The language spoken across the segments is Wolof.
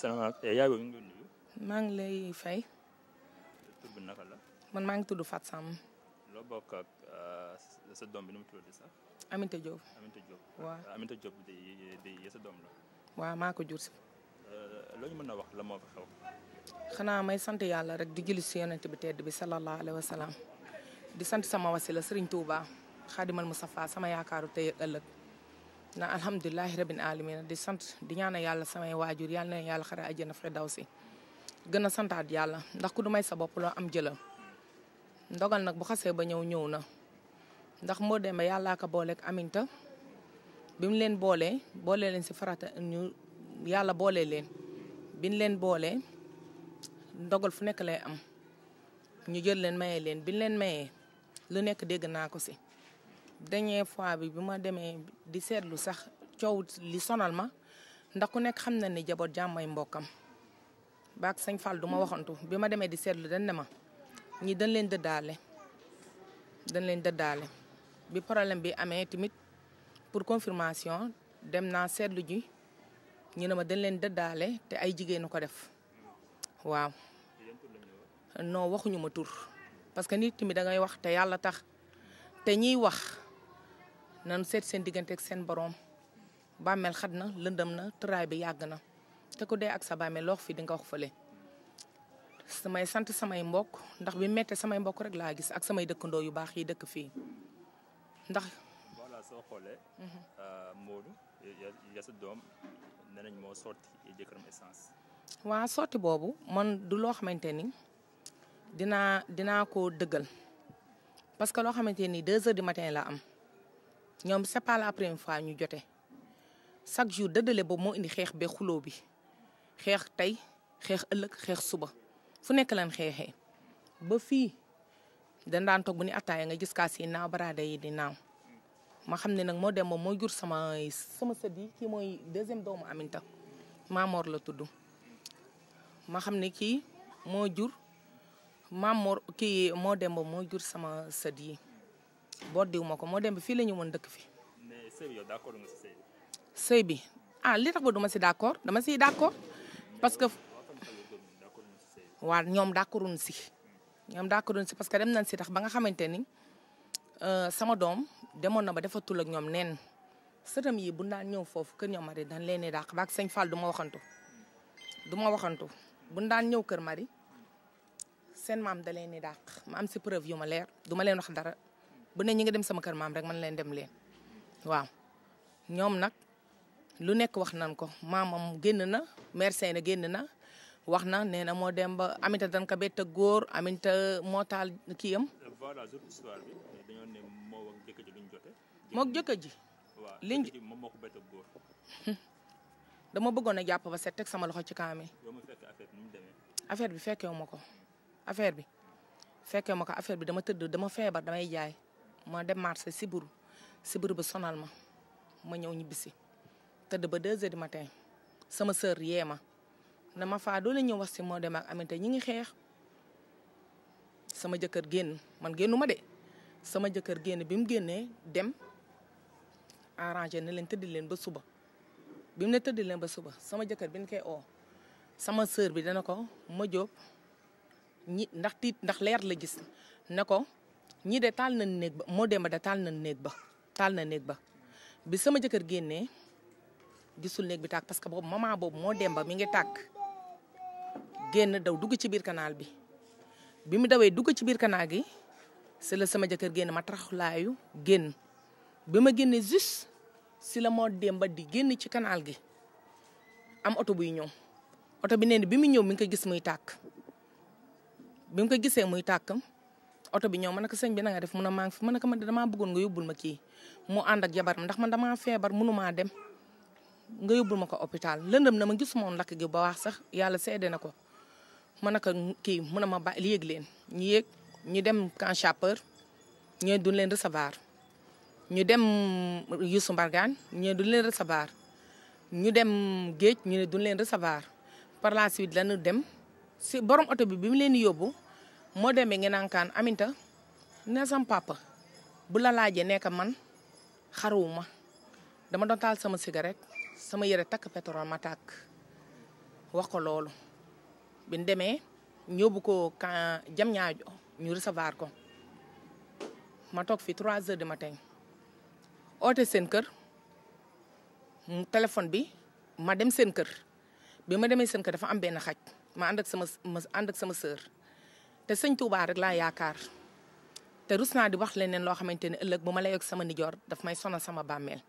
salaamaaleykum eh, yaay maa ngi lay fay. tur bi naka la. man maa ngi tudd Fat Sam. loo bokk eh, sa doom bi nu mu tudd sax. Aminta Diop. Aminta Diop ah, di di sa doom la. waaw maa ko jur si. Eh, loo ñu mën a wax la moo fi xew. xanaa may sant yàlla rek di julli si yonent bi tedd bi sallallahu alayhi salaam di sant sama wasila Serigne Touba Xaadimal Mustafa sama yaakaaru tey ëllëg. na alhamdulilahi rabbil alamin di sant di ñaana yàlla samay waajur yàlla na yàlla xare àjjana firdawsi gën a santaat yàlla ndax ku du may sa bopp loo am jëlal ndogal nag bu xasee ba ñëw ñëw na ndax moo demee yàllaa ko booleeg aminta bi mu leen boolee boolee leen si farata ñu yàlla boolee leen biñ leen boolee ndogal fu nekk lay am ñu jël leen mayee leen biñ leen mayee lu nekk dégg naa ko si dernière fois bi bi ma demee di seetlu sax coow li sonal ma ndax ku nekk xam na ni jaboot jàmmay mbokkam baak sañ Fall du ma bi ma demee di seetlu dañ ne ma ñi dañ leen dëddaale dañ leen dëddaale bi problème bi amee tamit pour confirmation dem naa seetlu ji ñu ne ma dañ leen dëddaale te ay jigéen ko def waaw non waxuñu ma tur parce nit tamit da wax te yàlla tax te ñiy wax nan seet seen diggante ak seen boroom bàmmeel xat na lëndëm na tëraay bi yàgg na te ku dee ak sa bàmmeel loox fi di nga wax fële samay sant samay mbokk ndax bi mettee samay mbokk rek laa gis ak samay dëkkandoo yu baax yi dëkk fii ndax. voilà soo xoolee. Mhm. Euh, Modou ya doom nee nañ moo sotti jëkkëram boobu man du loo xamante ni dinaa dinaa ko dëggal parce que loo xamante ni deux heures du matin la am. ñoom c'est pas la première fois ñu jote chaque jour dëddale boobu moo indi xeex bee xuloo bi xeex tey xeex ëllëg xeex suba fu nekk lan xeexee ba fii dañ daan toog bu ni attaaya nga gis kaas yi naaw baraade yi di naaw ma xam ne nag moo dem ba moo jur sama sama sët yi kii mooy deuxième doomu Aminta Mamor la tudd ma xam ne kii moo jur Mamor kii moo dem ba moo sama sët yi boo boddiw ma ko moo dem bi fii la ñu woon dëkk fi. mais sëy bi yow d'accord nga si sëy bi. sëy bi ah li tax ba duma si d'accord dama si d'accord parce que. waa ñoom d'accorduñ si. ñoom d'accorduñ si parce que dem nañ si tax ba nga xamante ni euh, sama doom demoon na ba defatul ak ñoom neen sëtam yi bu daan ñëw foofu kër ñoom mari dañ leen di dàq baak sëñ Fall ma waxantu. du ma waxantu bu daan ñëw kër mari seen maam da leen di dàq si preuve yu ma leer du leen wax dara. bu ne ñi nga dem sama kër maam rek man leen dem leen waaw ñoom nag lu nekk wax nan ko maamam génn na mère Seyna génn na wax na nee na moo dem ba amit dan ka góor aminta moo taal kii am. Euh, moo ak jëkkër ji luñ dama bëggoon a jàpp ba set teg sama loxo ci kaamil. yow bi ni mu ko affaire bi fekkewu ma ko affaire bi dama tëdd dama feebar damay jaay. ma dem marché siburu siburu ba sonal ma ma ñëw ñibbisi tëdd ba deux heures du matin sama sœur yee ma na ma faa doole ñëw wax si moo de ak aminte ñi ngi xeex sama jëkkër génn man génnu ma de sama jëkkër génn bi mu génnee dem arrangé ne leen tëdd leen ba suba bi mu ne tëddi leen ba suba sama jëkkër bi ñu koy oo sama sœur bi dana ko ma jóob ñi ndax tiit ndax leer la gis ne ko ñii de taal na néeg ba moo demba de taal nañ néeg ba taal na néeg ba bi sama jëkkër génnee gisul néeg bi tàkk parce que boobu maman boobu moo demba mi ngi tàkk génn daw dugg ci biir kanaal bi bi mu dawee dugg ci biir canal gi si la sama jëkkër génn ma taraxlaayu génn bi ma génnee juste si la moo demba di génn ci kanaal gi am oto buy ñëw oto bi nee bi mu ñëw mi ngi ko gis muy tàkk bi mu ko gisee muy tàkkam oto bi ñëw ma ne ko sëñ bi na nga def mun a maa fi ma a ko man damaa bëggoon nga yóbbul ma kii mu ànd ak jabaram ndax man damaa feebar mënumaa dem nga yóbbul ma ko hôpital lëndëm na ma gisuma woon lakk gi ba wax sax yàlla seede na ko ma ne ko kii mun a ma ba yéeg leen ñu yéeg ñu dem camp chapeur ñee duñ leen recevoir ñu dem Youssou Mbargane ñee duñ leen recevoir ñu dem géej ñu ne duñ leen recevoir par la suite lañu dem si borom oto bi bi mu leen yóbbu moo demee ngeen ankaan Aminta ne sam papa bu la laajee nekk man xaruwuma dama doon taal sama cigarette sama yére takk pétrole ma tàkk wax ko loolu. bi ñu demee ñóbbu ko kan jam ñaajo ñu recevoir ko ma toog fi 3 heures du matin oote seen kër téléphone bi ma dem seen kër bi ma demee seen dafa am benn xaj ma ànd ak sama ma ànd ak sama sœur. te sëñ Touba rek laa yaakaar te rus naa di wax leneen loo xamante ne ëllëg bu ma la yokk sama nijoor daf may sonal sama bàmmeel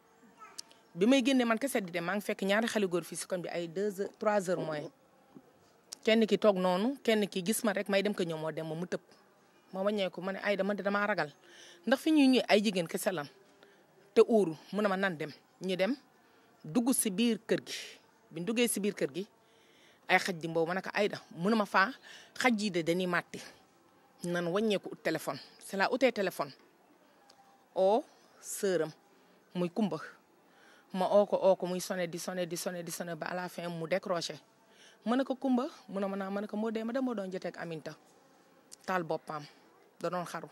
bi may génne man kese di dem maa ngi fekk ñaari xale góor fii si kon bi ay deux heures trois heures moins kenn ki toog noonu kenn ki gis ma rek may dem ko ñëw moo dem ma mu tëb ma wàññeeku ma ne ay dama damaa ragal ndax fi ñuy ñëw ay jigéen kese lan te uuru mu ne ma nan dem ñu dem dugg si biir kër gi bi duggee si biir kër gi. ay xaj di mbow ma ne ko Aïda mënuma faa xaj yi de dañuy màtti nan wàññeeku ut téléphone c'est la téléphone oo sëram muy kumba ma oo ko oo muy sonné di sonné di sonné ba à la fin mu décroché ma ne ko kumba mu ne ma naa ma ne ko moo dee ma dama doon joteeg Aminta taal boppam da doon xaru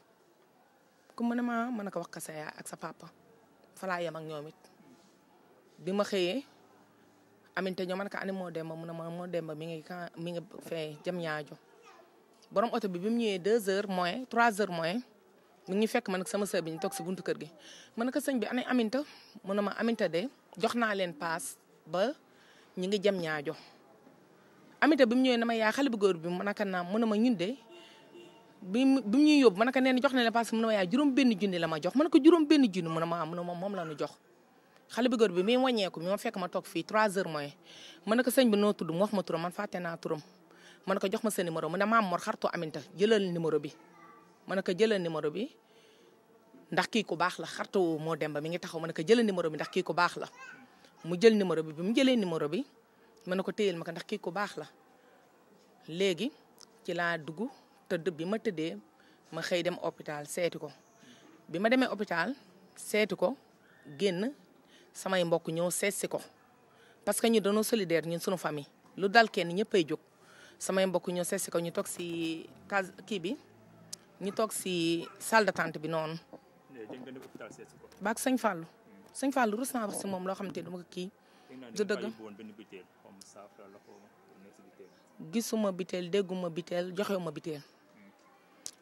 kumba ne ma ma ne ko wax ko sa yaay ak sa papa fa yem ak ñoom bi ma xëyee. aminte man ka ani moo demba mu ne ma moo demba mi ngi ka mi borom oto bi bi mu ñëwee deux heures moins trois heures moins mi fekk man ak sama sœur bi ñu toog si buntu kër gi ma ne ko sëñ bi ana aminta mu na ma aminta de jox naa leen paas ba ñu ngi jëm ñaajo aminta bi mu ñëwee na ma yaa xale bu góor bi na jox na leen paas mu ne ma yaa juróom benn junni la ma jox ma ne ko juróom benn junni mu mu ne ma moom la ñu jox xale bu góor bi mi wàññeeku mi ma fekk ma toog fii 3 heures mooy ma ne ko sëñ bi noo tudd mu wax ma turam man fàtte naa turam ma ne ko jox ma sa numéro mu ne maam Mor xartu aminta jëlal numéro bi ma na ko jëlal numéro bi ndax kii ku baax la xartu moo dem ba mi ngi taxaw ma ne ko jëlal numéro bi ndax ki ku baax la mu jël numéro bi bi mu jëlee numéro bi ma ne ko téyel ma ndax kii ku baax la léegi ci laa dugg tëdd bi ma tëddee ma xëy dem hopital seeti ko bi ma demee hôpital seeti ko génn samay mbokk ñëw seesi si ko parce que ñu dañoo solidaire ñun suñu famille lu dal kenn ñëpp ay jóg samay mbokk ñëw seet ko ñu toog si case kii bi ñu toog si salle d'attente bi noonu. baag sëñ Fallou sëñ Fallou rus naa wax si moom loo xam te duma ko kii. du gisuma biteel dégguma biteel joxewuma biteel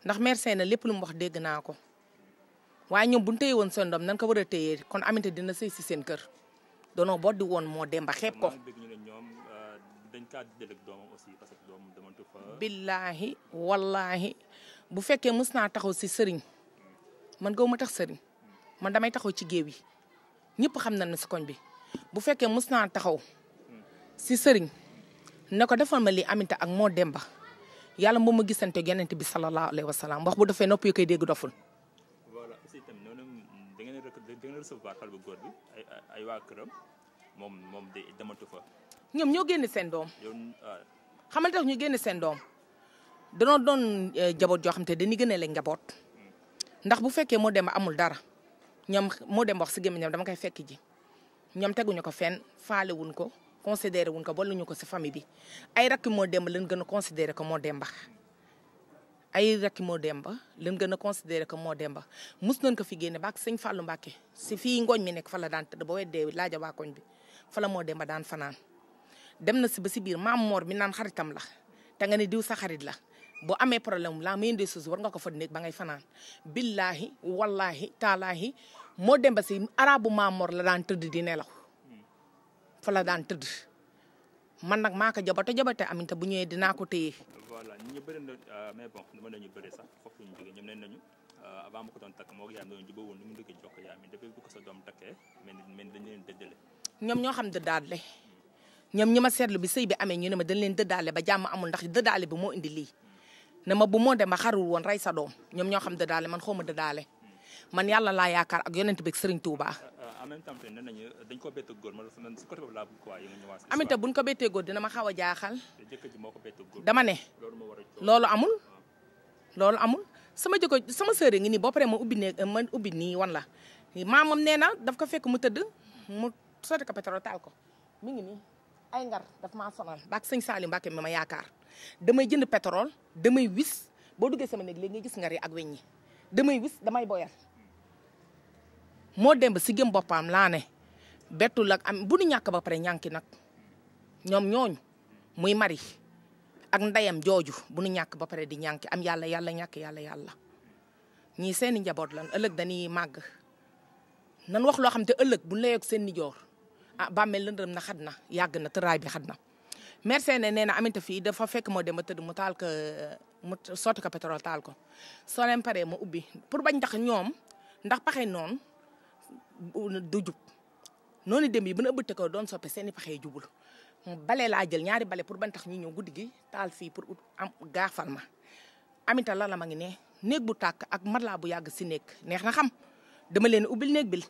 ndax mère Seyna lépp lu mu dégg naa ko. waaye ñoom bu ñu téye woon seen doom nan ko war a téyee kon aminte dina sëy si seen kër doonoo boo di woon moo demba xeeb ko. Euh, billaahi wallaahi bu fekkee mës naa taxaw si sëriñ man gaw ma tax sëriñ man damay taxaw ci géew yi ñëpp xam nañ ne si bi bu fekkee mës naa taxaw si sëriñ ne ko defal ma lii ak moo demba yàlla moo a gisante yonent bi salallaahu alayhi wa salaam wax bu defee nopp yi koy dégg doful. a recevoir xale bu góor bi ay moom moom dematu fa. ñoom ñoo génne seen doom. Ah. xamal tax ñu génne seen doom danoo doon eh, jaboot joo te dañuy gën a leen njaboot ndax bu fekkee moo dem amul dara ñoom moo dem wax si gémmiñam dama koy fekk ji ñoom teguñu ko fenn faale wuñ ko considéré wuñ ko ñu ko si famille bi ay rakk moo demba leen gën a ko moo demba ay rakki moo demba leen gën a considéré que moo demba mus nañ ko fi génne baak sëñ Fallou Mbacke si fii ngooñ mi nekk fa la daan tëdd ba weddee laaja waa koñ bi fa la moo ba daan fanaan dem na si ba si biir maam moor mi naan xaritam la te nga ne diw sa xarit la boo amee problème la main des choses war nga ko fa nekk ba ngay fanaan billahi wallahi taalaahi moo dem ba si arabu maam moor la daan tëdd di nelaw fa la daan tëdd man nag maa ko jabate jabate aminta bu ñëwee dinaa ko téye. voilà nit ñi euh, mais bon dama nañu bëri sax foofu ñoom nee nañu euh, avant ma ko doon takk moo yaayam doon jubóo sa doom takkee mais mais dañu leen ñoom ñoo xam dëddaale ñoom ñi ma seetlu bi sëy bi amee ñu ne ma dañ leen dëddaale ba jàmm amul ndax dëddaale bi moo indi na ne ma bu moo dem ma xarul woon rey sa doom ñoom ñoo xam dëddaale man xaw ma dëddaale man yàlla laa yaakaar ak yonent bi ak Sëriñ Tuubaa en même temps te nee nañu dañ ko bett góor ma si côté boobu laa bëgg ko waaye nga ñëwaat Aminata buñ dina ma xaw a jaaxal jëkkër ji moo ko bett góor dama ne loolu amul ah. loolu amul sama jëkkër sama sœur ngi nii boo paree ma ubbi ne euh, ma nii wan la maamam nee na daf ko fekk mu tëdd mu sotti ko pétrole taal ko mi ngi nii ay ngar daf maa sonal baak sëñ Salim Mbacke mi ma yaakaar damay jënd pétrole damay wis boo duggee sama ne léegi ngay gis ngar yi ak weñ ñi damay wis damay boyal moo demb si gëm boppam laa ne bettul ak am bu ñàkk ba pare ñànki nag ñoom ñooñ muy mari ak ndeyam jooju bu nu ñàkk ba pare di ñànki am yàlla yàlla ñàkk yàlla yàlla ñii seeni njaboot lan ëllëg dañuy màgg nan wax loo xam te ëllëg bu layoog seeni joor ah bàmmeel lëndëm na xat na yàgg na tëraay bi xat na merci ne nee na aminte fii dafa fekk moo dem ba tëdd mu taal ko mu sotti ko pétrole taal ko soo leen ma ubbi pour bañ ndax ñoom ndax paxe noonu du jub noonu dem yi bu na ëbbate ko doon soppe seen i pexe jubul bale laa jël ñaari bale pour ban tax ñu ñëw guddi gi taal fii pour ut am gaafal ma amita la la ma ngi ne néeg bu tàkk ak mat laa bu yàgg si nekk neex na xam dama leen ubbil néeg bil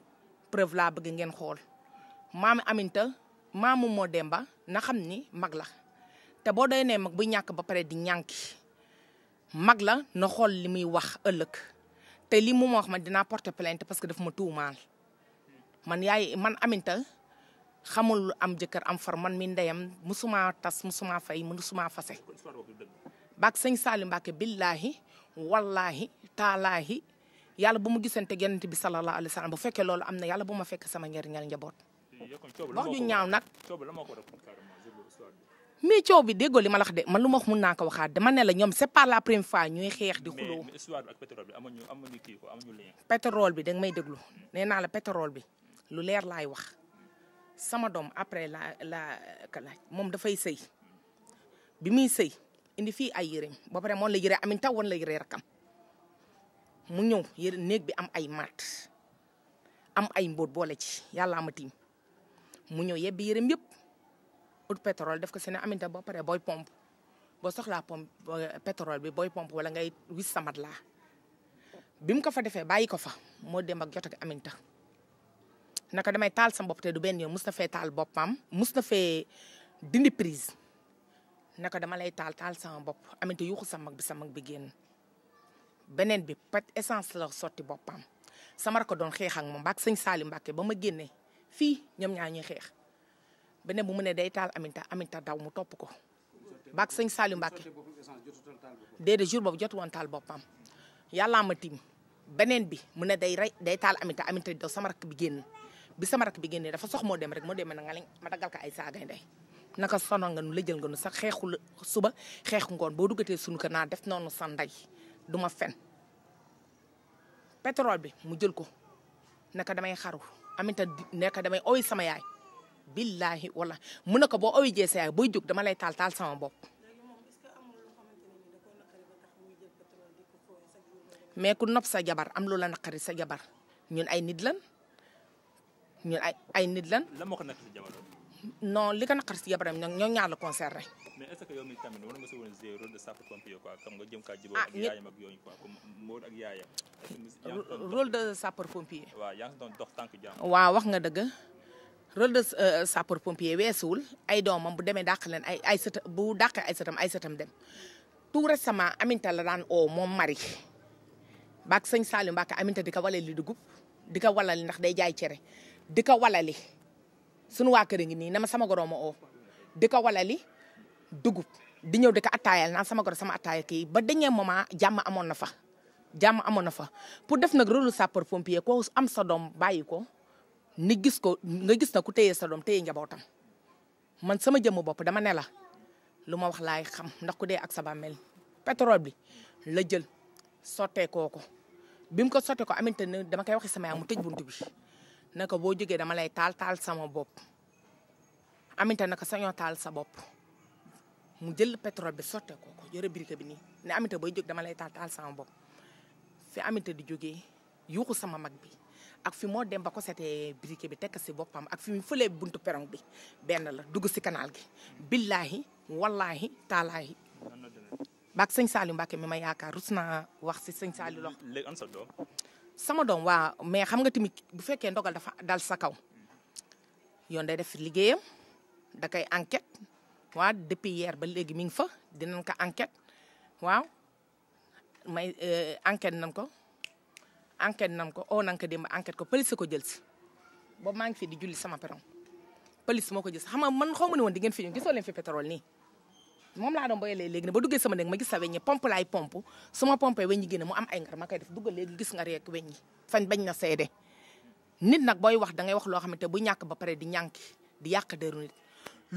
preuve laa bëgg ngeen xool maam aminta maamu moo demba na xam ni mag la te boo doy nee mag bu ñàkk ba pare di ñànki mag la na xool li muy wax ëllëg te li mu ma wax man dina porter plainte parce que def ma tuumaal man yaay man aminta xamul am jëkkër am far man mi ndeyam mu musuma tas musuma fay musuma fase baak sëñ Salim Mbacke billaahi wallaahi taalaahi yàlla bu mu gisante yonent bi sallallahu alayhi wa bu fekkee loolu am na yàlla bu ma fekk sama njariñal njaboot wax ju ñaaw nag mais coow bi déggoo li ma lax wax de man lu ma mun naa ko waxaat dama ne la ñoom c'est pas la première fois ñuy xeex di xuloo pétrole bi danga may déglu nee naa la pétrole bi lu leer laay wax sama doom après la la ka moom dafay sëy bi muy sëy indi fii ay yëreem ba pare moom la yëree amin taw woon la yëree rakam mu ñëw yëre néeg bi am ay maat am ay mboot boole ci yàllaa ma tiim mu ñëw yebbi yëreem yëpp ut pétrole def ko seen aminta ba pare booy pompe boo soxlaa pompe euh, pétrole bi booy pompe wala ngay wis samat laa bi mu ko fa defee bàyyi ko fa moo dem ak jot ak aminta naka damay taal sam bopp te du benn mus na fee taal boppam mus na fee dindi prise naka dama lay taal taal sama bopp aminte yuuxu sa mag bi sa mag bi génn beneen bi pat essence la sotti boppam sama rakk xeex ak moom mbaak sëñ Salim Mbàkke ba ma génne fii ñoom ñaa ñuy xeex beneen bu mu day taal amin aminta daw mu topp ko mbaak sëñ Salim Mbàkke déedéet jour boobu jotu woon taal boppam yàllaa ma tim beneen bi mu ne day rey day taal aminta aminta daw sama rakk bi génn bi sama rak bi génnee dafa sox moo dem rek moo demee na nga ma daggal ko ay saagay ndey naka sonal nga nu la jël nga nu sax xeexul suba xeexu ngoon boo duggatee sunu kër naa def noonu sa ndey du ma fen pétrole bi mu jël ko naka damay xaru aminta naka damay owi sama yaay billahi wala mu ne ko boo owi jee sa yaay booy jóg dama lay taal taal sama bopp mais ku nopp sa jabar am lu la naqari sa jabar ñun ay nit lan ñun ay nit lan. lan moo ko naqari jabaram. non li ko naqari si jabaram ñoom ñoo ñaar la concerné. mais est ce que yow mii tamit war nga si woon jouer ah, rôle de sapeur-pompier quoi xam waaw wax nga dëgg rôle de euh, sapor pompier weesuwul ay doomam bu demee dàq leen ay ay sëtam bu dàqee ay sëtam ay sëtam dem tout récemment Aminta la daan oo moom mari baak sëñ Saliou Mbacke Aminta di ko walal dugub di ko walal ndax day jaay cere. di ko walali sunu waa kër a ngi nii na ma sama goroo ma oo di ko walali dugub di ñëw di ko attaayal naan sama goro sama attaaya kii ba dernier moment jàmm amoon na fa jàmm amoon na fa pour def nag rôle sapeur pompier ko am sa doom bàyyi ko ni gis ko nga gis na ku téye sa doom téye njabootam man sama jëmm bopp dama ne la lu ma wax laay xam ndax ku dee ak sa bàmmeel pétrole bi la jël sottee ko bi mu ko sottee ko aminte ne dama koy waxi sama mu tëj buntu naka boo jógee dama lay taal taal sama bopp aminta naka sañoo taal sa bopp mu jël pétrole bi sotte ko ko yore briquet bi nii ne aminta booy jóg dama lay taal taal sama bopp fi aminta di jógee yuuxu sama mag bi ak fi moo dem ba ko setee briquet bi tekk si boppam ak fi mu fëlee buntu perong bi benn la dugg si canal gi billaahi wallaahi taalaahi baak sëñ Saliou Mbacke mi ma yaakaar rus na wax si sëñ Saliou lox léegi sa doom sama doom waa mais xam nga tamit bu fekkee ndogal dafa dal sa kaw yoon day def liggéeyam da koy enquête waa depuis hier ba léegi mi ngi fa dinañ ko enquête waaw may euh, enquête nañ ko enquête nañ ko oo nañ ko démb enquête ko police ko jël si boobu maa ngi fi di julli sama peron police moo ko jël si man xaw ma woon di ngeen fi ñëw gisoo leen fi pétrole nii moom laa doon boyalee léegi ne ba duggee sama néeg ma gis sa weññi pompe laay pompe su ma pompe weññi génne mu am ay ngar ma koy def duggal léegi gis nga rek weññi fañ bañ na seede nit nag booy wax da ngay wax loo xamante bu ñàkk ba pare di ñànki di yàq deru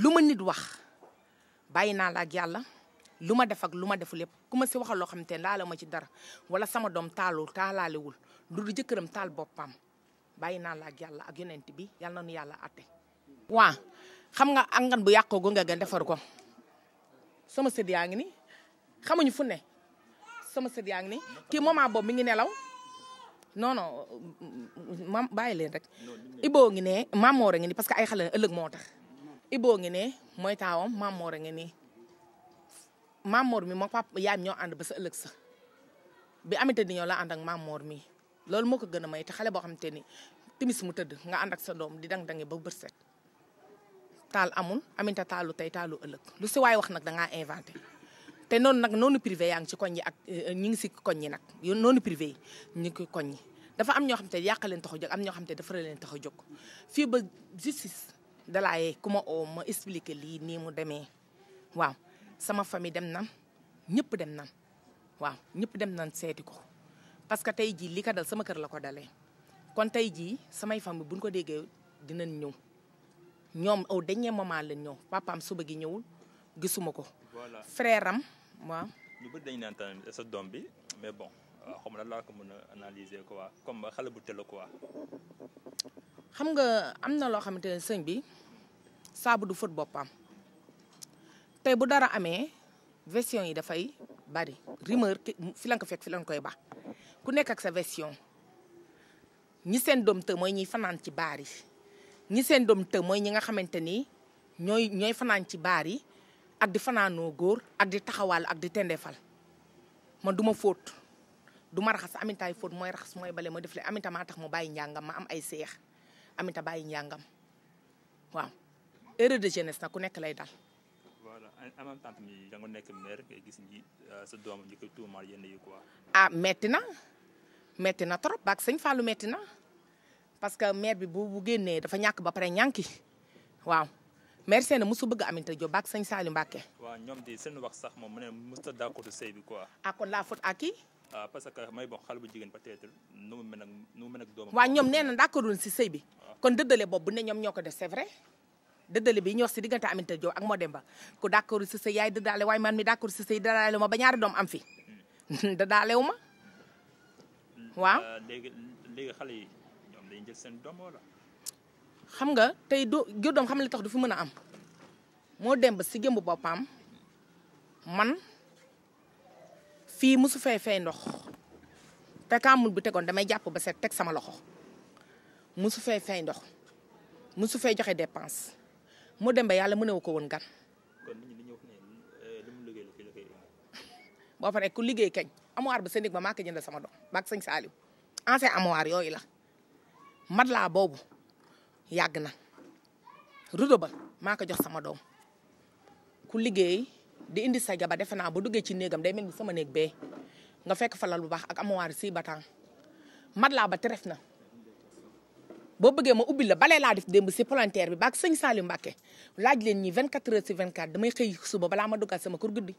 lu ma nit wax bàyyi naa la ak yàlla lu ma def lu ma defu lépp ku ma si waxal loo xamante ne laala ma ci dara wala sama doom taalul taalaalewul lu du jëkkëram boppam bàyyi naa la ak yàlla ak yonent bi yàlla na nu yàlla atte waa nga angan bu yàqoo gunge nga defar ko sama sët yaa ngi ni xamuñu fu ne sama sët yaa ngi ni kii moment boobu mi ngi nelaw non non mam bàyyi leen rek iboo ngi ne mamoor a ngi ni parce que ay xale ëllëg moo tax iboo ngi ne mooy taawam mamoor a mamoor mi moo papa yaayam ñoo ànd ba sa ëllëg sa bi amante di ñoo la ànd ak mamoor mi loolu moo ko gën a may xale boo xamante ni timis mu tëdd nga ànd ak sa doom di dang-dangi ba bërset taal amul aminta taalu tey taalu ëllëg lu si waay wax nag da ngaa inventé te noonu nag noonu privé ngi ci koñ yi ak euh, ñi ngi si koñ yi nag noonu privé yi ñu ngi koñ yi dafa am ñoo xam te yàq leen tax a jóg am ñoo xam te dafa leen tax a jóg fii ba justice dalaayee ku ma oo ma expliqué lii nii mu demee waaw sama famille dem nan ñëpp dem nan waaw ñëpp dem nan seeti ko parce que tey jii li ko dal sama kër la ko dalee kon tey jii samay famille buñ ko déggee dina ñëw ñoom au dernier moment la ñëw papaam suba gi ñëwul gisuma ko. voilà frère am waaw. ñu bëri dañu naan tamit sa doom bi mais bon xam nga ko mën a analyser quoi comme xale bu teel quoi. xam nga am na loo xamante ne sëñ bi saabu du fóot boppam tey bu dara amee version yi dafay bari rumeur fi la ko fekk fi la koy baax ku nekk ak sa version ñi seen doom te mooy ñi fanaan ci baar yi. ñi seen doom të mooy ñi nga xamante ni ñooy ñooy fanaan ci baar yi ak di fanaanoo góor ak di taxawaal ak di tendeefal ma duma fóot duma raxas amintaay fóot mooy raxas mooy bale mooy def le aminta tax mu bàyyi njàngam ma am ay seex amita bàyyi njàngam waaw erreur de jeunesse nag ku nekk lay dal. nekk gis ni euh, sa doom ñu koy tuumaal ah metti na metti na trop baag sëñ Fallou metti na. parce que maire bi bu bu génnee dafa ñàkk ba pare ñànki waaw maire Sène mosu bëgg Aminata Diop ak sëñ Saliou Mbacké. waaw ñoom di seen wax sax moom mu ne mosut d'accord sëy bi ah, kon la faute à qui. ah parce que may bokk xale bu jigéen peut-être nu mu mel ak nu mu mel ak doomam. waaw ñoom nee na d'accordul si sëy bi. Ah. kon dëddale boobu bu ne ñoom ñoo ko def c'est vrai. dëddale bi ñoo si diggante Aminata Diop ak Modemba ku d'accord si sëy yaay dëddaale waaye man mi d'accord si sëy dëddaale ma ba ñaari doom am fi mm. dëddaale wu ma mm. waaw ah, xale yi. dañuy jël seen doom xam nga tey do jur doom xam li tax du fi mën a am moo dem ba si gëmb boppam man fii mosu fay fay ndox te kaamul bu tegoon damay jàpp ba seet teg sama loxo mosu fay fay ndox mosu fay joxe dépense moo dem ba yàlla mënewu ko woon gan. Euh, lu mu boo fa ku liggéey kañ amuwaar ba seen ba maa ko jëndal sama doom maa ko sëñ Saliou ancien amuwaar yooyu la. matelas boobu yàgg na rideau ba maa ko jox sama doom ku liggéey di indi sa jabar defe naa bu duggee ci néegam day mel ni sama néeg bee nga fekk falal bu baax ak amuwaar si batan matelas ba teref na boo bëggee ma ubbi la balee laa def démb si palanteer bi baag sëñ Saliou Mbacké laaj leen ñi 24 heures sur 24 damay xëy suba balaa ma duggaat sama kër guddi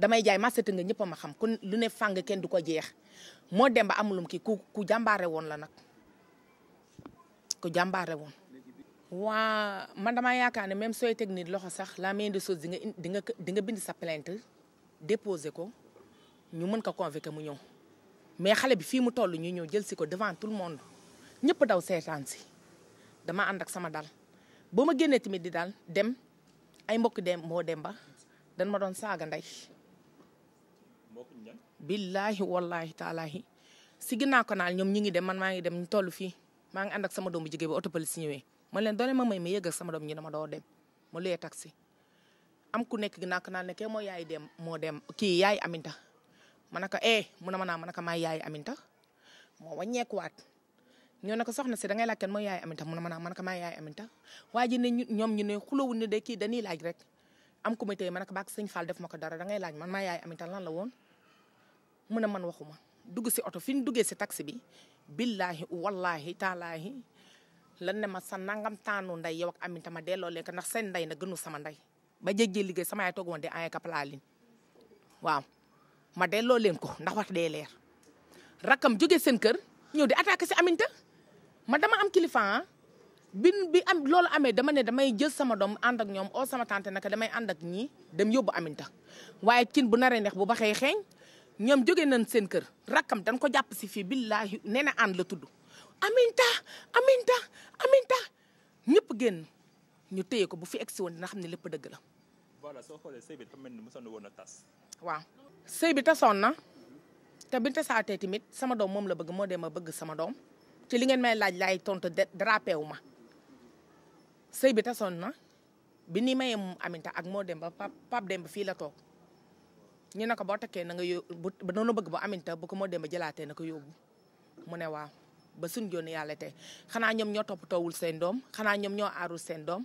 damay jaay masata nga ñëpp a ma xam ku lu ne fàng kenn du ko jeex moo dem ba amulum kii ku ku jàmbaare woon la nag ko jàmbaare woon. waa man damaa yaakaar ne même sooy teg nit loxo sax la main de choses di nga di nga di nga bind sa plainte déposer ko ñu mën ko convoquer mu ñëw mais xale bi fii mu toll ñu ñëw jël si ko devant tout le monde ñëpp daw seetaan si dama ànd ak sama dal boo ma génnee tamit di daal dem ay mbokk dem moo dem ba dan ma doon saaga ndey. billaahi wallaahi taalaahi si ginnaaw ko naal ñoom ñu ngi dem man maa ngi dem ñu toll fii. maa ngi ànd sama doom bu jigéen ba oto police ñëwee man leen doole ma may ma yëg ak sama doom ñu dama doo dem ma luyee taxi am ku nekk gi nak naan ne kee moo yaay dem moo dem kii yaay aminta ma ne ko eh mu ne ma naa ma yaay aminta moo wàññeekuwaat ñoo ne ko soxna si da ngay laaj yaay aminta mu ne ma naa ne ko maa yaay aminta waa ji ne ñoom ñu ne xulawul ne de kii dañuy laaj rek am ku ma téye ma ne ko baak sëñ Fall def ma ko dara da ngay laaj man maa yaay aminta lan la woon mu ne man waxuma dugg si oto fi ñu duggee si taxi bi billaahi wallaahi taalaahi lan ne ma sa nangam taanu nday yow ak Aminta ma delloo lekk ndax seen nday na gënu sama nday ba jéggee liggéey sama yaay toogoon de ay kapalaalin waaw ma delloo leen ko ndax wax dee leer rakam jóge seen kër ñëw di attaqué si Aminta ma dama am kilifa ah. bi bi am loolu amee dama ne damay jël sama doom ànd ak ñoom oo sama tante naka damay ànd ak ñii dem yóbbu Aminta waaye cin bu naree neex bu baxee xeeñ ñoom jóge nañ seen kër rakkam dañ ko jàpp si fii billaahi nee na ànd la tudd aminta aminta aminta ñëpp génn ñu téye ko bu fi si woon na xam ne lépp dëgg la. voilà soo xoolee sëy bi dafa mel ni mosoon woon a tas. waaw sëy bi tasoon na te bi tasaatee tamit sama doom moom la bëgg moo dem ma bëgg sama doom ci li ngeen may laaj laay tontu drapé wu ma sëy bi tasoon na bi ni mayee mu aminta ak moo dem ba pap dem ba fii la toog. ñu ne ko boo takkee na nga yóbbu ba noonu bëgg ba aminta bu ko moo dem ba jëlaatee na ko yóbbu mu ne waaw ba suñ joon yàlla tey xanaa ñoom ñoo toppatoowul seen doom xanaa ñoom ñoo aarul seen doom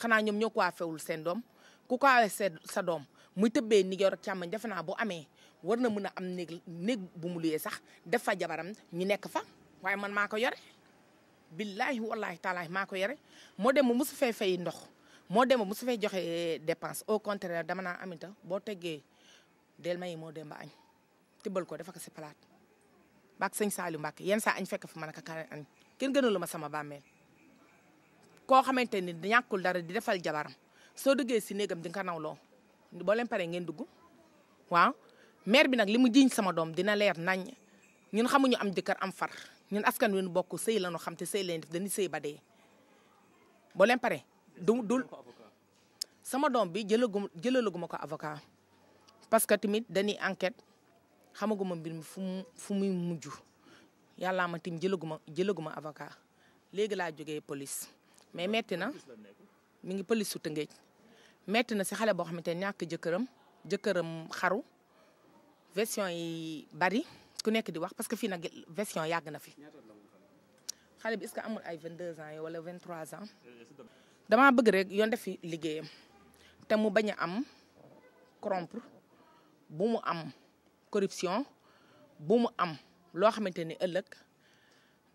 xanaa ñoom ñoo coiffewul seen doom ku ko seen sa doom muy tëbbee nijoor ak càmmañ defe naa bu amee war na mën a am néeg néeg bu mu luyee sax def fa jabaram ñu nekk fa waaye man maa ko yore billaahi wallaahi taalaahi maa ko yore moo dem mosu fee fay ndox moo dem mosu fee joxee dépense au contraire dama naa aminta boo teggee del mayi moo dem ba añ tibbal ko dafa si palaat bak sëñ Saliou Mbacke yenn saa añ fekk fa man a kaane añ kenn gënalu ma sama bàmmeel koo xamante ni ñàkkul dara di defal jabaram soo duggee si néegam di nga ko nawloo boo leen ngeen dugg waaw maire bi nag li mu jiñ sama doom dina leer nañ ñun xamuñu am jëkkër am far ñun askan wi ñu bokk sëy lañu xam te sey leen def dañuy sëy ba dee boo leen dul sama doom bi jëlaguma jëlalaguma ko avocat parce que tamit dañuy enquête xamaguma mbir mi fu fu muy mujj yàlla ma tim jëlaguma jëlaguma avocat léegi laa jógee police mais metti na mi ngi police su Tëngéej metti na si xale boo xamante ne ñàkk jëkkëram jëkkëram xaru version yi bari ku nekk di wax parce que fii nag version yàgg na fi xale bi est-ce que amul ay 22 ans wala 23 ans dama bëgg rek yoon def fi liggéeyam te mu bañ a am corrompre bu mu am corruption bu mu am loo xamante ni ëllëg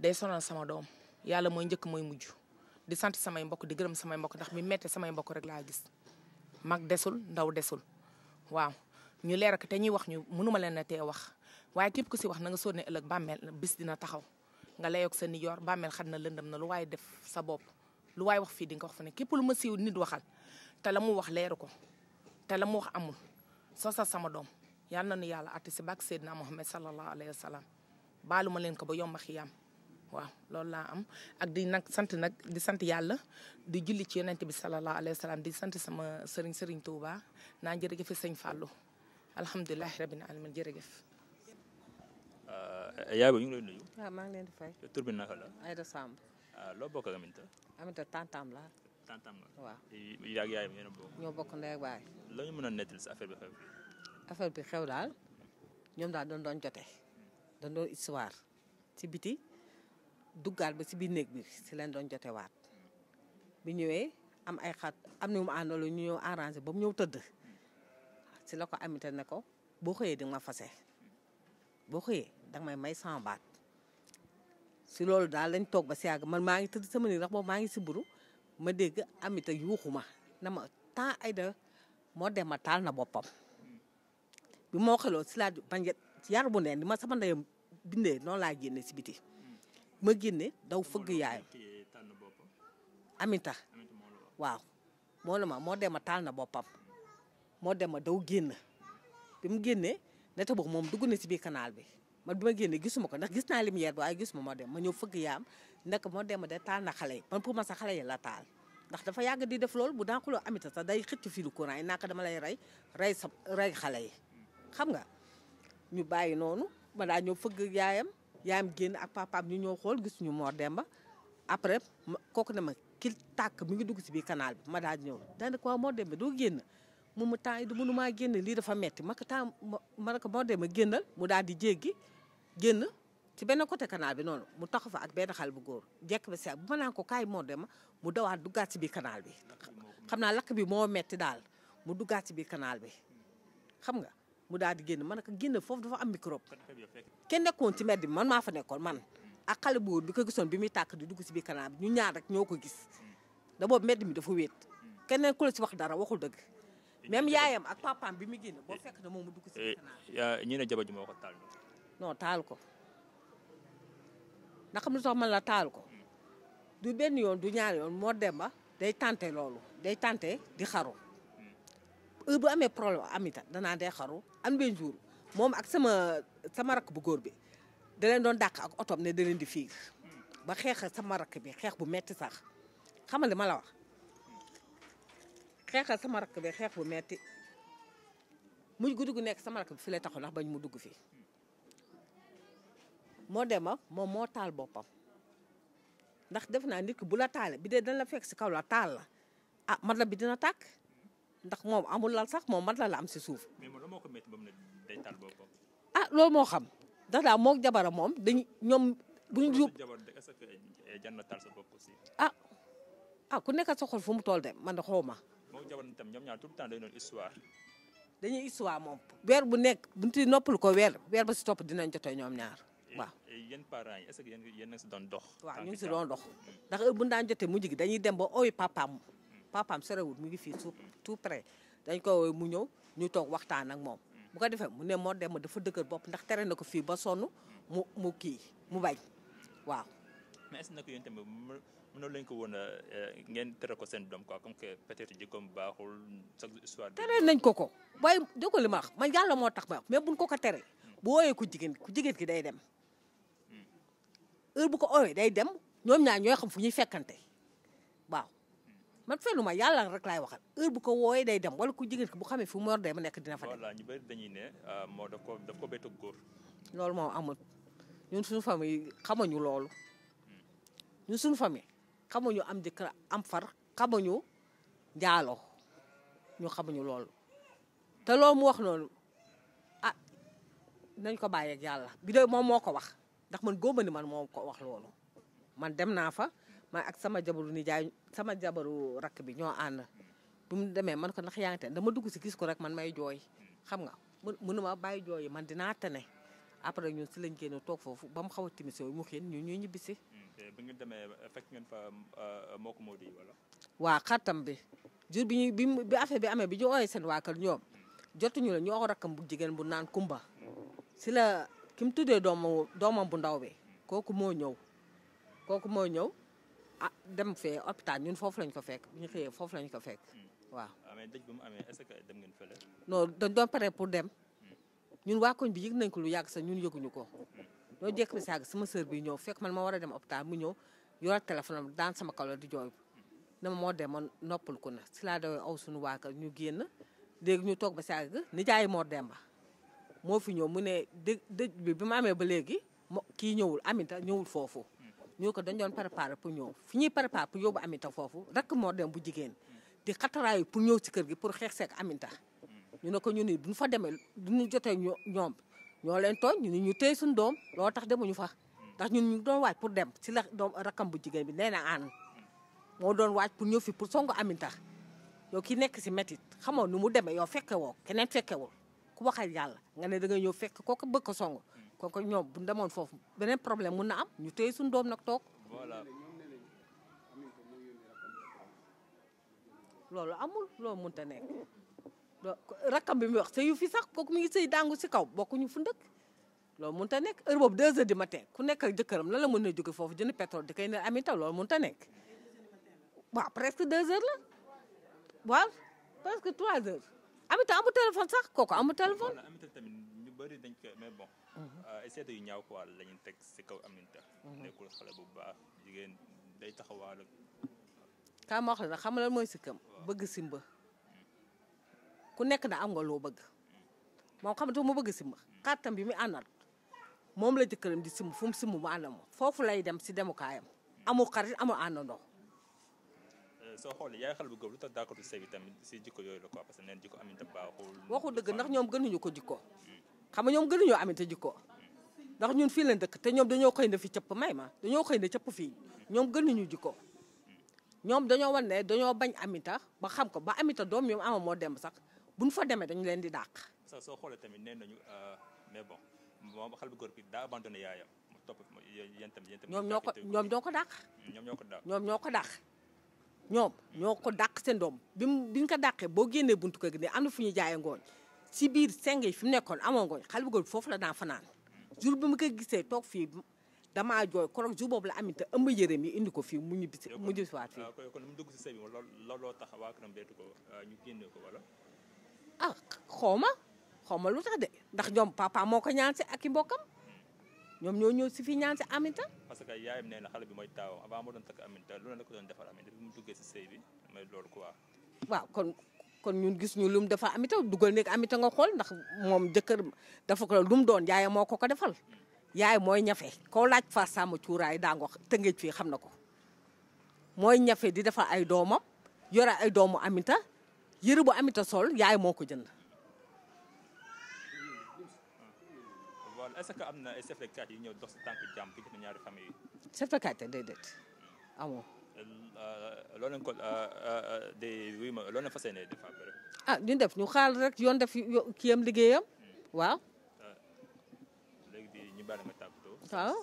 day sonal sama doom yàlla mooy njëkk mooy mujj di sant samay mbokk di gërëm samay mbokk ndax mi mette samay mbokk rek laa gis mag desul ndaw desul waaw ñu leer ak te ñuy wax ñu mënuma leen a tee wax waaye képp ku si wax na nga sóor ne ëllëg bàmmeel bis dina taxaw nga layoog sa nijoor bàmmeel xat na lëndam na lu waaye def sa bopp lu waaye wax fii di nga wax fa ne képp lu ma siiw nit waxal te la mu wax leeru ko te la mu amul sosa sama doom yal na nu yàlla at si bak Seydina Mohamed sallallahu alayhi wa sallam baalu ma leen ko ba yomb a waaw loolu laa am ak di nag sant nag di sant yàlla di julli ci yonent bi sallallahu alayhi wa sallam di sant sama sëriñ sëriñ Touba naa jërëjëf sëñ Fallou alhamdulilah rabbil alamin jërëjëf. Euh, yaay boobu ñu ngi lay nuyu. maa ngi leen di fay. tur bi naka la. Aïda Samb. Ah, loo bokk la. tantam nga. waaw yaa a bokk. ñoo bokk ndey ak baay. la ñu mën a nettali si affaire bi xew. daal ñoom daal doon doon jote doon doon histoire ci biti duggaat ba si biir néeg bi si leen jote waat bi ñëwee am ay xat am na mu àndal ñu ñëw arrangé ñëw tëdd si la ko amité ne ko boo xëyee di ma fase boo xëyee danga may may sama baat si loolu daal lañ toog ba si yàgg man maa tëdd sama néeg ndax boobu maa ngi si buru ma dégg amita yuuxu ma na ma temps Aïda moo dem ma taal na boppam bi moo xeloo si laa bañ yar bu neen di ma sama ndeyam bindee noonu laa génne si biti ma génne daw fëgg yaayam amita waaw moo la ma moo dem ma taal na boppam moo dem ma daw génn bi mu génnee nete boobu moom dugg na si biir canal bi ma bi ma génne gisuma ko ndax gis naa lumière bi waaye gisuma ma dem ma ñëw fëgg yaam nekk moo dem de taal na xale yi man pour man sa xale yi la taal ndax dafa yàgg di def loolu bu dànkuloo amita sax day xëcc filu courant yi naka dama lay rey rey sa rey xale yi xam nga ñu bàyyi noonu ma daa ñëw fëgg yaayam yaayam génn ak ñu ñëw xool gis ñu Mor Demba après kooku ne ma kil tàkk mi ngi dugg si biir canal bi ma daa ñëw daanaka waaw Mor Demba doo génn mu mu temps i du mënumaa génn lii dafa metti ma ko ma ma ne ko Mor Demba génnal mu daal di jéggi génn ci benn côté kanaal bi noonu mu taxaw fa ak benn xale bu góor jekk ba si bu ma naan ko kaay moo dem mu dawaat duggaat ci biir canal bi. xam naa lakk bi moo metti daal mu duggaat ci biir canal bi xam nga mu daal di génn man ko génn foofu dafa am microbe. kenn nekkoon ci mbedd bi man maa fa nekkoon man ak xale bu bi ko gisoon bi muy tàkk di dugg ci biir canal bi ñu ñaar rek ñoo ko gis da boobu mbedd mi dafa wéet keneen ku la wax dara waxul dëgg. même yaayam ak papaam bi mu génn boo fekk na moom mu dugg ci biir eh, bi. ñu ne jaba ji moo ko taal. non taal ko. ndax xam lu tax man la taal ko du benn yoon du ñaar yoon moo demba day tante loolu day tante di xaru heure bu amee problème amita danaa day xaru am benn jour moom ak sama sama rakk bu góor bi da leen doon dàq ak otom ne da leen di fiir ba xeex sama rakk bi xeex bu metti sax xamal li ma la wax xeexal sama rakk bi xeex bu metti mu guddi gu nekk sama rakk bi fi lay taxaw ndax bañ mu dugg fii moo dema moom moo taal boppam ndax def naa nit ki bu la taale bi dee dañ la fekk si kaw la taal la a ah, mat la bi dina tàkk ndax moom amul lal sax moom mat la la am si suuf. mais moom moo ko métti ba mu ne day taal boppam. ah loolu moo xam ndax daal moog jabara moom dañ ñoom. bu ñu jub ah ah ku nekk sa fu mu toll de man de xaw ma. moom jabar tam ñoom ñaar tout le temps histoire. dañuy histoire moom weer bu nekk bu ñu noppalu ko weer weer ba si topp dinañ jotee ñoom ñaar. waaw eh, eh, yéen parents yi est-ce que yéen a si doon dox. waaw ñu ngi si doon dox ndax bu ñu daan jotee mujj gi dañuy dem ba ooyu papaam papaam sorewul mu ngi fii tout tout près dañ ko wooyu mu ñëw ñu toog waxtaan ak moom. bu ko defee mu ne moo dem dafa dëgër bopp ndax tere na ko fii ba sonn mu mu kii mu bañ waaw. mais est-ce que yéen tamit mënoo leen ko woon eh, ngeen tere ko seen doom quoi comme que peut-être jikkoom baaxul chaque histoire. tere nañ ko ko waaye déggoo li ma wax man yàlla moo tax ma wax mais buñ ko ko tere. bu wooyee ku jigéen ku jigéen ki day dem. heure bu ko oowee day dem ñoom ñaar ñooy xam fu ñuy fekkante waaw man fenn ma yàlla rek laay waxal heure bu ko wooyee day dem wala ku jigéen ki bu xamee fu Mor Ndeye ma nekk dina fa dem. voilà ñu bëri dañuy ne euh, moo daf ko daf ko bett góor. loolu moom amul ñun suñu famille xamuñu loolu ñun suñu famille xamuñu am jëkkër am far xamuñu njaaloo ñu xamuñu loolu te loolu mu wax noonu ah nañ ko bàyyeeg yàlla bi de moom moo ko wax. ndax man góoba ni man moo ko wax loolu man dem naa fa ma ak sama jabaru nijaay sama jabaru rakk bi ñoo ànd bu mu demee man ko nax yaa ngi tane dama dugg si gis ko rek man may jooy xam nga mënuma bàyyi jooyi man dinaa tane après ñun si lañ génn toog foofu ba mu xaw a timis mu xiin ñu ñuy ñibbisi hmm, bi nga demee fekk ngeen fa euh, moo moo di waa xaritam bi jur bi ñu bi bi affaire bi amee bi ñu ooyee seen waa kër ñoom jotuñu la ñu oo rakkam bu jigéen bu naan kumba ki mu tuddee doomam doomam bu ndaw bi kooku moo ñëw kooku moo ñëw ah dem fee hôpital ñun foofu lañ ko fekk bu ñu xëyee foofu lañ ko fekk hmm. waaw. Ah, mais dëj bu mu amee est-ce que dem ngeen fële. non pour dem hmm. ñun waa koñ bi yëg nañ ko lu yàgg sax ñun yëguñu ko. ñoo jekk bi saag sama sœur bi ñëw fekk man ma war a dem hôpital mu ñëw yor téléphone am daan sama kaw di jooy na ma moo demoon noppal ko na si laa dawee aw suñu waaka ñu génn léegi ñu toog ba saag nijaay moo dem ba moo fi ñëw mu ne dë dëj bi bi ma amee ba léegi mo kii ñëwul Aminta ñëwul foofu. Hmm. ñu ko dañ doon préparer pour ñëw fi ñuy préparer pour yóbbu Aminta foofu rek moo dem bu jigéen. Hmm. di xataraayu pour ñëw ci kër gi pour xeex seeg Aminta. Hmm. ñu ne ko ñu ni duñ fa demee duñu jotee ñoom ñoo leen tooñ ñu ni ñu téye suñu doom loo tax demuñu fa. ndax ñun ñu doon waaj pour dem ci la doom rakam bu jigéen bi nee na aan moo doon waaj pour ñëw fi pour songu Aminta yow ki nekk ci métit xamoo nu mu demee yow fekke woo keneen fekkewul ku waxal yàlla nga ne da nga ñëw fekk kooku bëgg ko song kooku ñoom bu demoon foofu beneen problème mun na am ñu téye suñu doom nag toog. voilà loolu amul loolu mënut a nekk rakkam bi mu wax sëyu fi sax kooku mi ngi sëy dàngu si kaw bokkuñu fu ndëkk loolu mun a nekk heure boobu 2 heures du matin ku nekk ak jëkkëram lan la mën a jóge foofu jënd pétrole di koy ne amita loolu mënut a nekk waaw presque 2 heures la waaw presque 3 heures. Amita amul téléphone sax kooku amul téléphone. Amita tamit ñu bari dañ ko mais bon. Mhm. Euh, ay yu ñaaw quoi la ñu teg si kaw Aminta. Mhm. nekkul xale bu baax jigéen day taxawaalu. kaa ma wax xam mooy sikkam bëgg simba ku nekk na am nga loo bëgg. Mm. moom xamante mu bëgg simba xaritam mm. bi mu àndal moom la jëkkëram di simb fu mu mu àndal moom foofu lay dem si demukaayam mm. amu xarit amul àndandoo. soo xoolee yaay xel bu góob lu tax d'accord ci sëy bi tamit si jikko yooyu la quoi parce que neen jikko Aminata baaxul. waxu hmm. ñun fii leen dëkk te ñoom dañoo xëy na fi cëpp may ma dañoo xëy na cëpp fii ñoom gënuñu jikko. ñoom dañoo wan ne dañoo bañ Aminata ba xam ko ba Aminata doom yoom ama moo dem sax buñ fa demee dañu leen di dàq. sax soo xoolee tamit nee nañu euh, mais bon moom xel bu góor bi daa abandonné yaayam mu topp yéen tamit yéen tamit ñoom ñoo ko hmm, ñoom ñoo ko dàq ñoom ñoo ko dàq ñoom ñoo ko dàq seen doom bi mu bi ñu ko dàqee boo génnee buntu kër gi ne am na fu ñuy jaayee ngooñ si biir seng yi fi mu nekkoon amoo ngooñ xale ko góor foofu la daan fanaan jour bi mu ko gisee toog fii damaa jooy korog jour boobu la amit te ëmb yërëm yi indi ko fii mu ñibbi si mu ñibbisiwaat fii. Ah, kon mu dugg si sëy looloo tax waa këram ko ah, ñu génne ko wala. Ah, ma xaw ma lu tax de ndax ñoom papa moo ko ñaan si ak i mbokkam. ñoom ñoo ñëw si fii ñaan si Aminta. parce que yaayam nee na xale bi mooy taawam avant moo doon takk Aminta loolu la ko doon defal mais loolu quoi. waaw kon kon ñun gis ñu lum dafa Aminta dugal nekk Aminta nga xool ndax moom jëkkër dafa ko lu mu doon yaayam moo ko ko defal. yaay mooy ñafe koo laaj fa sàmm cuuraay daango tëngéej fii xam na ko mooy ñafe di defal ay doomam yore ay doomu amita yëre bu Aminta sol yaay moo ko jënd. est-ce que am na ay chef de quartier yu ñëw dox si tànk jàmm fi ñaari famille yi. chef de quartier déedéet hmm. amoo. Euh, euh, loolu lañ ko euh, de oui ma loolu ah, ñu def ñu xaar rek yoon def kiyam liggéeyam hmm. waaw. ñu baal ma tàggatoo. waaw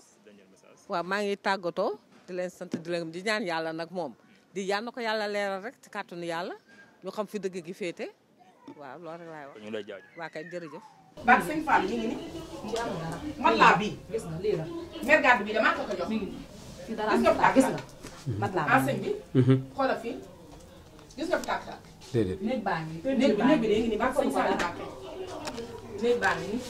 waaw maa ngi tàggatoo di leen sant di leen di ñaan yàlla nag moom di yal na ko yàlla leeral rek ci kàttanu yàlla ñu xam fi dëgg gi féete waaw loolu rek lay waa kay jërëjëf. baax sëñ Fall mi ngi ni mat laa bii gis nga lii la mère gàddu bi damaa ko ko jox gis nga bu tàkk gis nga mat laa enseigne bi mhm. xoolal fii gis nga bu tàkk tàkk déedéet néeg baa ngi néeg bi néeg bi léegi nii baax sëñ Fall baax néeg baa ngi nii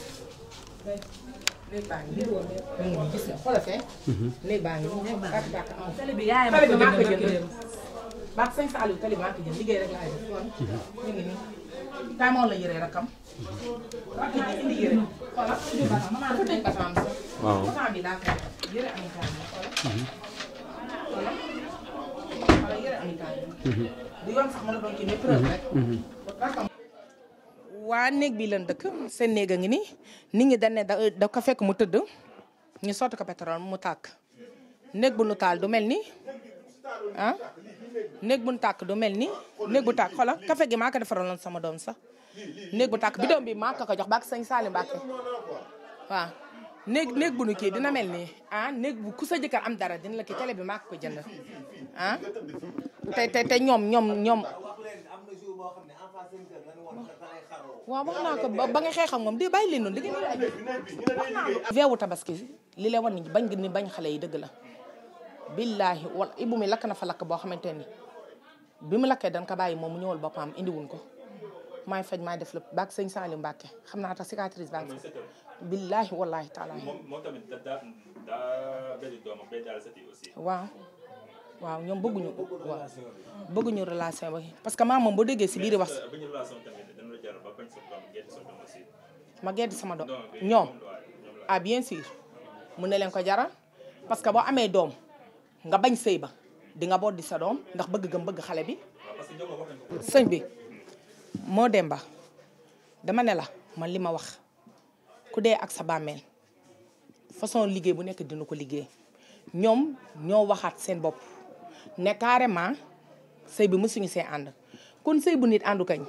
néeg baa ngi nii gis nga xoolal fee mhm. néeg baa ngi nii tàkk tàkk tali bi yaayam tali bi maa ko jënd baax sëñ Fall tali bi maa ko jënd liggéey rek laay def ñu ngi nii taamoon la bi la doon kii mais waa néeg bi lan dëkk seen néeg ngi nii nit ñi dañ ne ko fekk mu tëdd ñu sotti ko pétrole mu tàkk néeg bu nu taal du mel ni ah. néeg bu tàkk du mel ni néeg bu tàkk xoolal café gi maa ko defaraloon sama doom sax néeg bu bi doom bi maa ko ko jox ba sañ sëñ Saali Mbàkke néeg néeg bu nu kii dina mel nii ah néeg bu ku sa jëkkër am dara dina la ki télé bi maa ko jënd ah te te te ñoom ñoom ñoom waaw wax naa ko ba nga xeexam moom di bàyyi leen noonu di ngeen weewu tabaski li la wan ni bañ ni bañ xale yi dëgg la billaahi wal ibu mi lakk na fa lakk boo xamante ni bi mu lakkee dañ ko bàyyi moom mu ñëwal boppam indiwuñ ko maay faj maay def lépp baag sëñ Salim Mbacke xam naa tax cicatrice baa ngi fi billaahi wallaahi taala waaw ñoom bëgguñu ko waaw bëgguñu relation parce que maa moom boo déggee si biir wax euh, ma geddi sama doom ñoom ah bien sûr mun na leen ko jaral parce que boo amee doom nga bañ sëy ba di nga boddi sa doom ndax bëgg gëm bëgg xale bi. sëñ bi moo dem ba dama ne la man li ma wax ku dee ak sa bàmmeel façon liggéey bu nekk dina ko liggéey ñoom ñoo waxaat seen bopp ne carrément sëy bi mësuñu see ànd kon sëy bu nit àndu kañ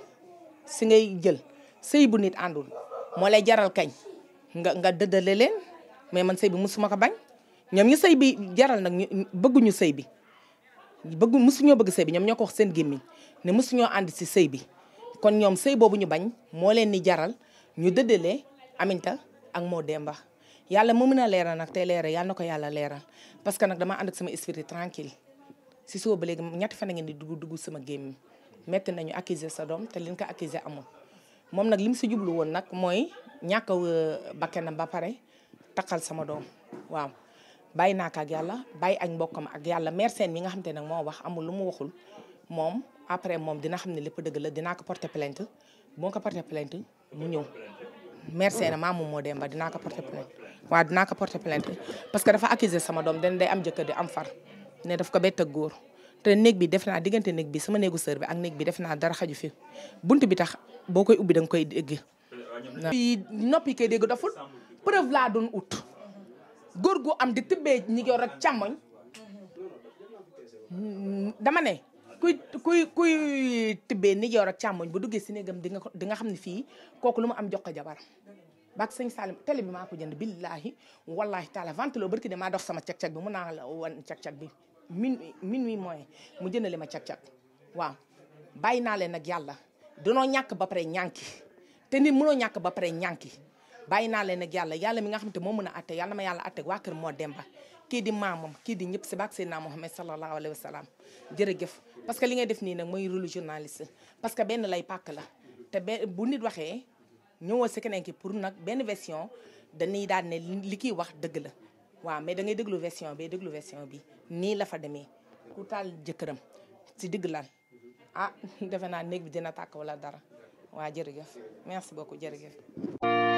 si ngay jël sëy bu nit àndul moo lay jaral kañ nga nga dëddale leen mais man sëy bi mësuma ko bañ. ñoom ñu sëy bi jaral nag bëgguñu sëy bi bëgg mosuñoo bëgg sëy bi ñoom ñoo ko seen gémmiñ ne mosuñoo ànd si sëy bi kon ñoom sëy boobu ñu bañ moo leen ni jaral ñu dëddalee Aminta ak moo Demba yàlla mu mën leeral nag tey leeral yàlla na ko yàlla leeral parce que nag dama ànd ak sama esprit tranquille si suba ba léegi ñetti fan ngeen di dugg dugg sama gémmiñ metti nañu accuser sa doom te liñ ko accuser amul moom nag li mu si jublu woon nag mooy ñàkk a euh, bakkanam ba pare takkal sama doom waaw bàyyi naa ko ak yàlla bàyyi ak mbokkam ak yàlla mère seen mi nga xam te nag moo wax amul lu mu waxul moom après moom dina xam ne lépp dëgg la dinaa ko porter plainte boo ko porter plainte mu ñëw mère seen maamu moo dem ba dinaa ko porter plainte waaw dinaa ko porter plainte parce que dafa accuser sama doom dañ day am jëkkër di am far ne def ko bett ak góor te néeg bi def naa diggante néeg bi sama néegu sër bi ak néeg bi def naa dara xaju fi bunt bi tax boo koy ubbi da koy dégg euh, noppi k dégg doful preuve laa doon ut góor gu am di tibbee ñi yor ak càmmoñ dama ne kuy kuy kuy tibbee ni càmmoñ bu duggee si néegam di nga di nga xam ne fii kooku lu am jox ko jabar bak sëñ Salim télé bi maa ko jënd billaahi wallaahi taala venteloo barki de maa dox sama cag-cag bi mun naa la wan bi min minuit mooy mu jëndale ma cag-cag waaw bàyyi naa leen nag yàlla danoo ñàkk ba pare ñànki te nit mënoo ñàkk ba pare ñànki bàyyi naa leen ak yàlla yàlla mi nga xam te moo mën a atte yàlla ma yàlla atte waa kër moo demba kii di maamam kii di ñëpp si baak Seydina Mohamed sallallahu alayhi wa salaam jërëjëf parce que li ngay def nii nag mooy rôle journaliste parce que benn lay pàkk la te be bu nit waxee ñëwoo si keneen pour nag benn version dañuy daal ne li kiy wax dëgg la waaw mais da ngay déglu version bi nii la fa demee ku taal jëkkëram si digg lan ah defe naa néeg bi dina tàkk wala dara waa jërëjëf merci beaucoup jërëjëf